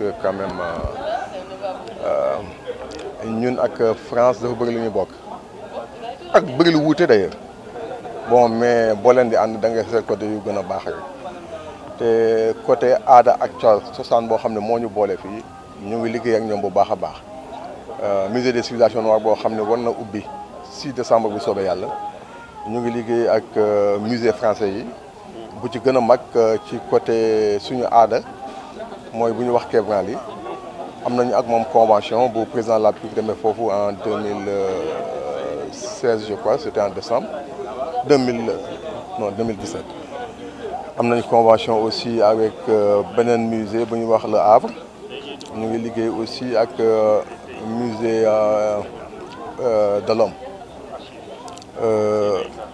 que quand même euh, euh, ñun ak France dafa bëgg lu ñu bokk ak bëgg lu wuute d'ailleurs bon mais boo leen di ànd da ngay seet côté yu gën a baax rek te côté aada ak cosaan boo xam ne moo ñu boole fii ñu ngi liggéey ak ñoom bu baax a baax euh, musée des civilisations noires boo xam ne war na ubbi 6 décembre bu soobee yàlla ñu ngi liggéey ak musée français yi bu ci gën a mag ci côté suñu aada mooy bu ñu wax Kébé Rally am nañu ak moom convention bu président de la République demee foofu en 2016 je crois c'était en décembre 2000 non 2017 am nañu convention aussi avec euh, beneen musée bu ñu wax le Havre ñu ngi liggéey aussi ak euh, musée euh, de l'homme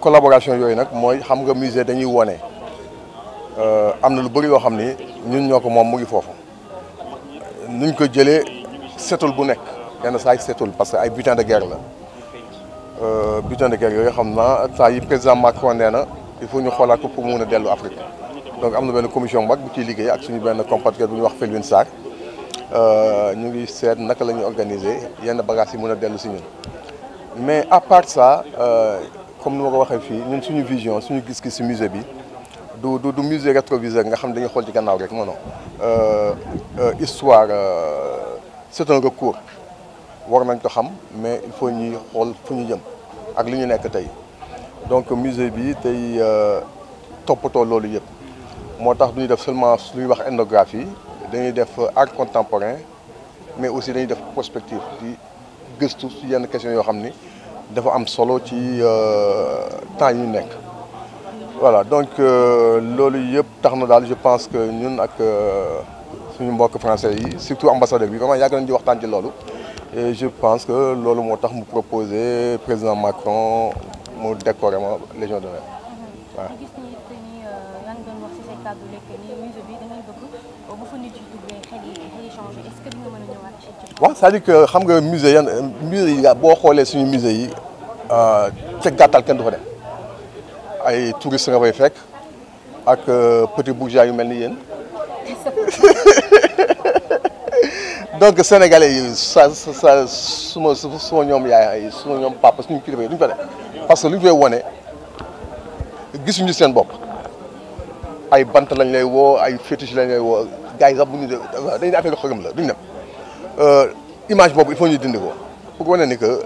collaboration yooyu nag mooy xam nga musée dañuy wone am na lu bëri yoo xam ni ñun ñoo ko moom mu ngi foofu nuñ ko jëlee setul bu nekk yenn saa yi setul parce que ay butin de guerre la euh, butin de guerre yooyu xam naa saa yi président Macron nee na il faut ñu xoolaat ko pour mun a dellu Afrique donc am na benn commission bu bu ciy liggéey ak suñu benn compatriote bu ñuy wax Felwine Sarr euh, ñu ngi seet naka la ñuy organiser yenn bagages yi mun a dellu si ñun mais à part ça euh, comme ni ma ko waxee fii ñun suñu vision suñu gis-gis si bi. du du du musée rétroviseur nga xam ne dañuy xool ci gannaaw rek non non euh, euh, histoire euh, c'est un recours war nañ ko xam mais il faut ñuy xool fu ñu jëm ak lu ñu nekk tey donc musée bi tey toppatoo loolu yëpp moo tax du ñu def seulement lu ñuy wax ethnographie dañuy def art contemporain mais aussi dañuy def prospective di gëstu si yenn question yoo xam ni dafa am solo ci temps yu nekk. voilà donc euh, loolu yëpp tax na daal je pense que ñun ak euh, suñu mbokk français yi surtout ambassadeur bi vraiment yàgg nañu di waxtaan ci loolu et je pense que loolu moo tax mu proposé président Macron mu décorer ma Légion d'honneur euh, waaw. waaw c'est-à-dire que xam nga musée yan musée yi boo xoolee suñu musée yi ca gàttal kenn du fa ay touristes nga fay fekk ak euh, petit bourgeois yu mel ni yéen donc sénégalais yi sa sa suma suma ñoom yaay suma ñoom papa suñu kilifa yi duñ fa ne parce que lu ñu fay wone gisuñu seen bopp ay bant lañ lay woo ay fétiche lañ lay woo gars yi bu ñu de dañ ne affaire xërëm la duñ dem euh, image boobu il faut ñu dindi ko pour wane ni que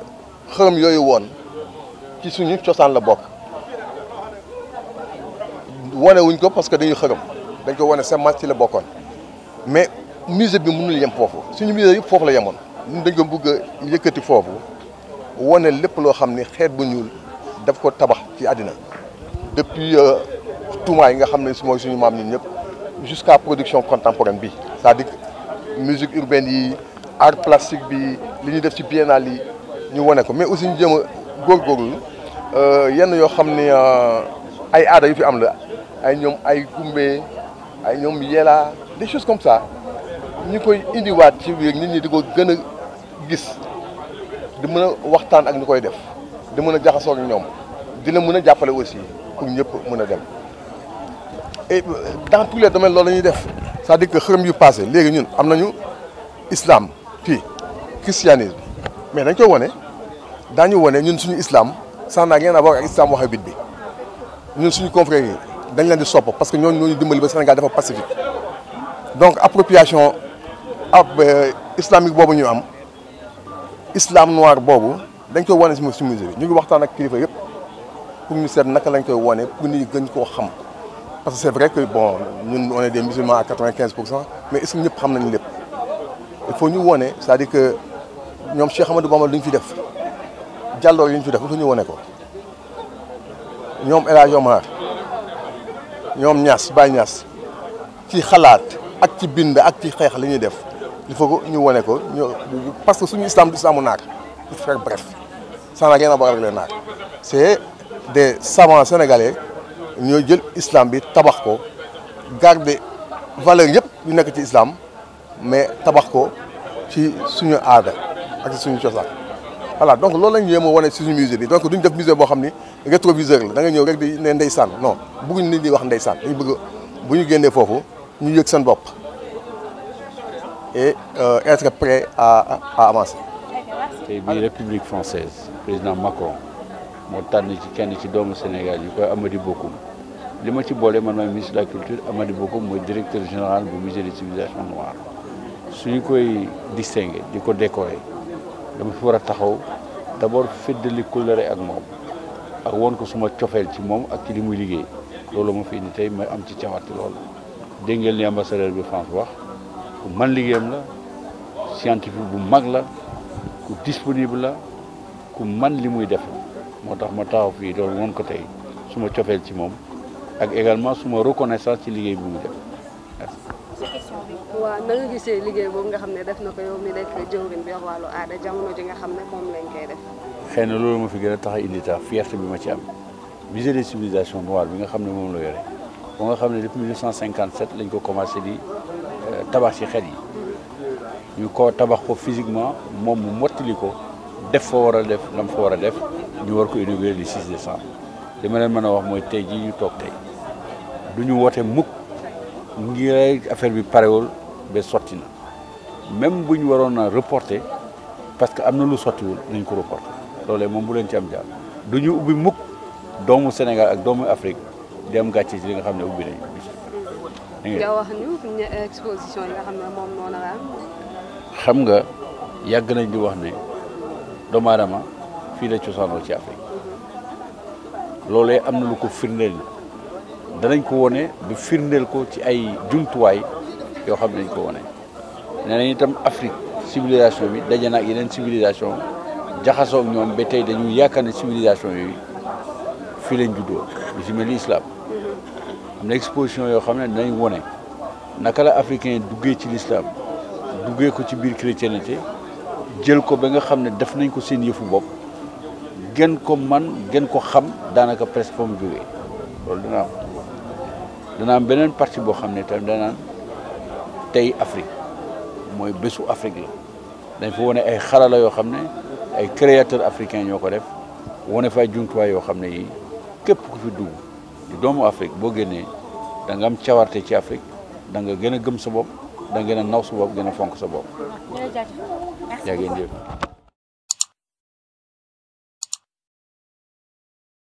xërëm yooyu woon ci suñu cosaan la bokk wane wuñ ko parce que dañuy xërëm dañ ko wane seen ci la bokkoon mais musée bi mënul yem foofu suñu musée yëpp foofu la yemoon ñun dañ ko bëgg a yëkkati foofu wane lépp loo xam ni xeet bu ñuul def ko tabax ci àddina depuis euh, tuuma yi nga xam ne suma suñu maam ñun ñëpp jusqu'à production contemporaine bi c'est-à-dire musique urbaine yi art plastique bi li ñuy def ci biennale yi ñu wane ko mais aussi ñu jëm a góorgóorlu euh, yenn yoo xam ne euh, ay aada yu fi am la ay ñoom ay Gumbe ay ñoom Yela des choses comme sa ñu koy indiwaat ci biir nit ñi di ko gën a gis di mën a waxtaan ak ñu koy def di mën a jaxasoo ak ñoom dina mën a jàppale aussi pour ñëpp mën a dem et dans tous les domaines loolu la ñuy def sa à dire que xërëm yu passé léegi ñun am nañu islam ti christianisme mais dañ koy wane daañu wane ñun suñu islam sax naa ngeen a wax ak islam waxabit bi ñun suñu confrères yi dañ leen di sopp parce que ñooñu ñoo ñu dimbali ba Sénégal dafa pacifique donc appropriation ab euh, islamique boobu ñu am islam noir boobu dañ koy wane si musée bi ñu ngi waxtaan ak kilifa yëpp pour ñu seet naka lañ koy wane pour nit ñi gën koo xam parce que c'est vrai que bon ñun on est des musulmans à quatre quinze pour cent mais est-ce que ñëpp xam nañ lépp il faut ñu wane c'est-à-dire que ñoom Cheikh Amadou Bamba lu ñu fi def jàlloo yi ñu fi def il faut ñu wane ko ñoom El Hadj ñoom ñaas Baye ñaas ci xalaat ak ci bind ak ci xeex li ñuy def il faut que ñu wane ko ñu parce que suñu islam du islamu naak il faut faire bref ça n'a rien à voir avec les c'est des savants sénégalais ñoo jël islam bi tabax ko garder valeur yëpp yu nekk ci islam mais tabax ko ci suñu aada ak suñu cosaan voilà donc loolu lañu yéem a wane suñu musée bi donc duñ def musée boo xam ni rétroviseur la da nga ñëw rek di ne ndeysaan non bëgguñ nit ñi wax ndeysaan bëgg bu ñu génnee foofu ñu yëg seen bopp et euh, être prêt à à avancer. république française président Macron moo tànn ci kenn ci doomu Sénégal yi koy Amady Bokoum li ma ci boole man maay ministre de la culture Amady Bokoum mooy directeur général bu musée des civilisations noires su ñu koy distinguer di ko décorer. dama fi war a taxaw d'abord féddali kóllëre ak moom ak woon ko suma cofeel ci moom ak ci li muy liggéey loolu ma fi ni tey may am ci cawarte loolu dégg ngeen ni ambassadeur bi France wax ku man liggéeyam la scientifique bu mag la ku disponible la ku man li muy def moo tax ma taxaw fii loolu woon ko tey suma cofeel ci moom ak également suma reconnaissance ci liggéey bi mu def waaw na nga gisee liggéey boobu nga xam ne def na ko yow mi nekk jëwriñ bi wax wàllu aada jamono ji nga xam ne moom lañ koy def. xëy loolu ma fi gën a tax a indi tax fierté bi ma ci am musée des civilisations bi nga xam ne moom la yore nga xam ne depuis 1957 lañ ko commencé di euh, tabax ci xet yi ñu ko tabax ko physiquement moom mu mottili ko def fa war a def lam fa war a def ñu war ko inauguré le 6 décembre li ma leen mën a wax mooy tey jii ñu toog tey du ñu woote mukk ngir affaire bi parewul ba sotti na même bu ñu waroon a reporter parce que am na lu sottiwul nañ ko reporter loolee moom bu leen ci am jaar du ñu ubbi mukk doomu Sénégal ak doomu Afrique di am gàcce ci li nga xam ne ubbi nañu. nga wax ñu xam nga yàgg nañ di wax ne doomu aadama fii la cosaanoo ci Afrique loolee am na lu ko firndeel danañ ko wone ba firndeel ko ci ay jumtuwaay. yoo xam ne dañ ko wane nee nañ itam Afrique civilisation bi daje na ak yeneen civilisation jaxasoo ñoom ba tey dañuy yaakaar ne civilisation yooyu fii lañ juddoo lu ci mel islam am yoo xam ne dinañ wone naka la africain duggee ci l'islam duggee ko ci biir chrétienté jël ko ba nga xam ne def nañ ko seen yëfu bopp gën ko man gën ko xam daanaka presque fa mu jógee loolu beneen partie boo xam ne tamit danaan tey Afrique mooy bésu Afrique la dañ fa wane ay xarala yoo xam ne ay créateurs africains yoo ko def wane fa ay jumtuwaay yoo xam ne yi képp ku fi dugg di doomu Afrique boo génnee da nga am cawarte ci Afrique da nga gën gëm sa bopp da gën a naw sa bopp gën a fonk sa bopp yaa ngeen jëf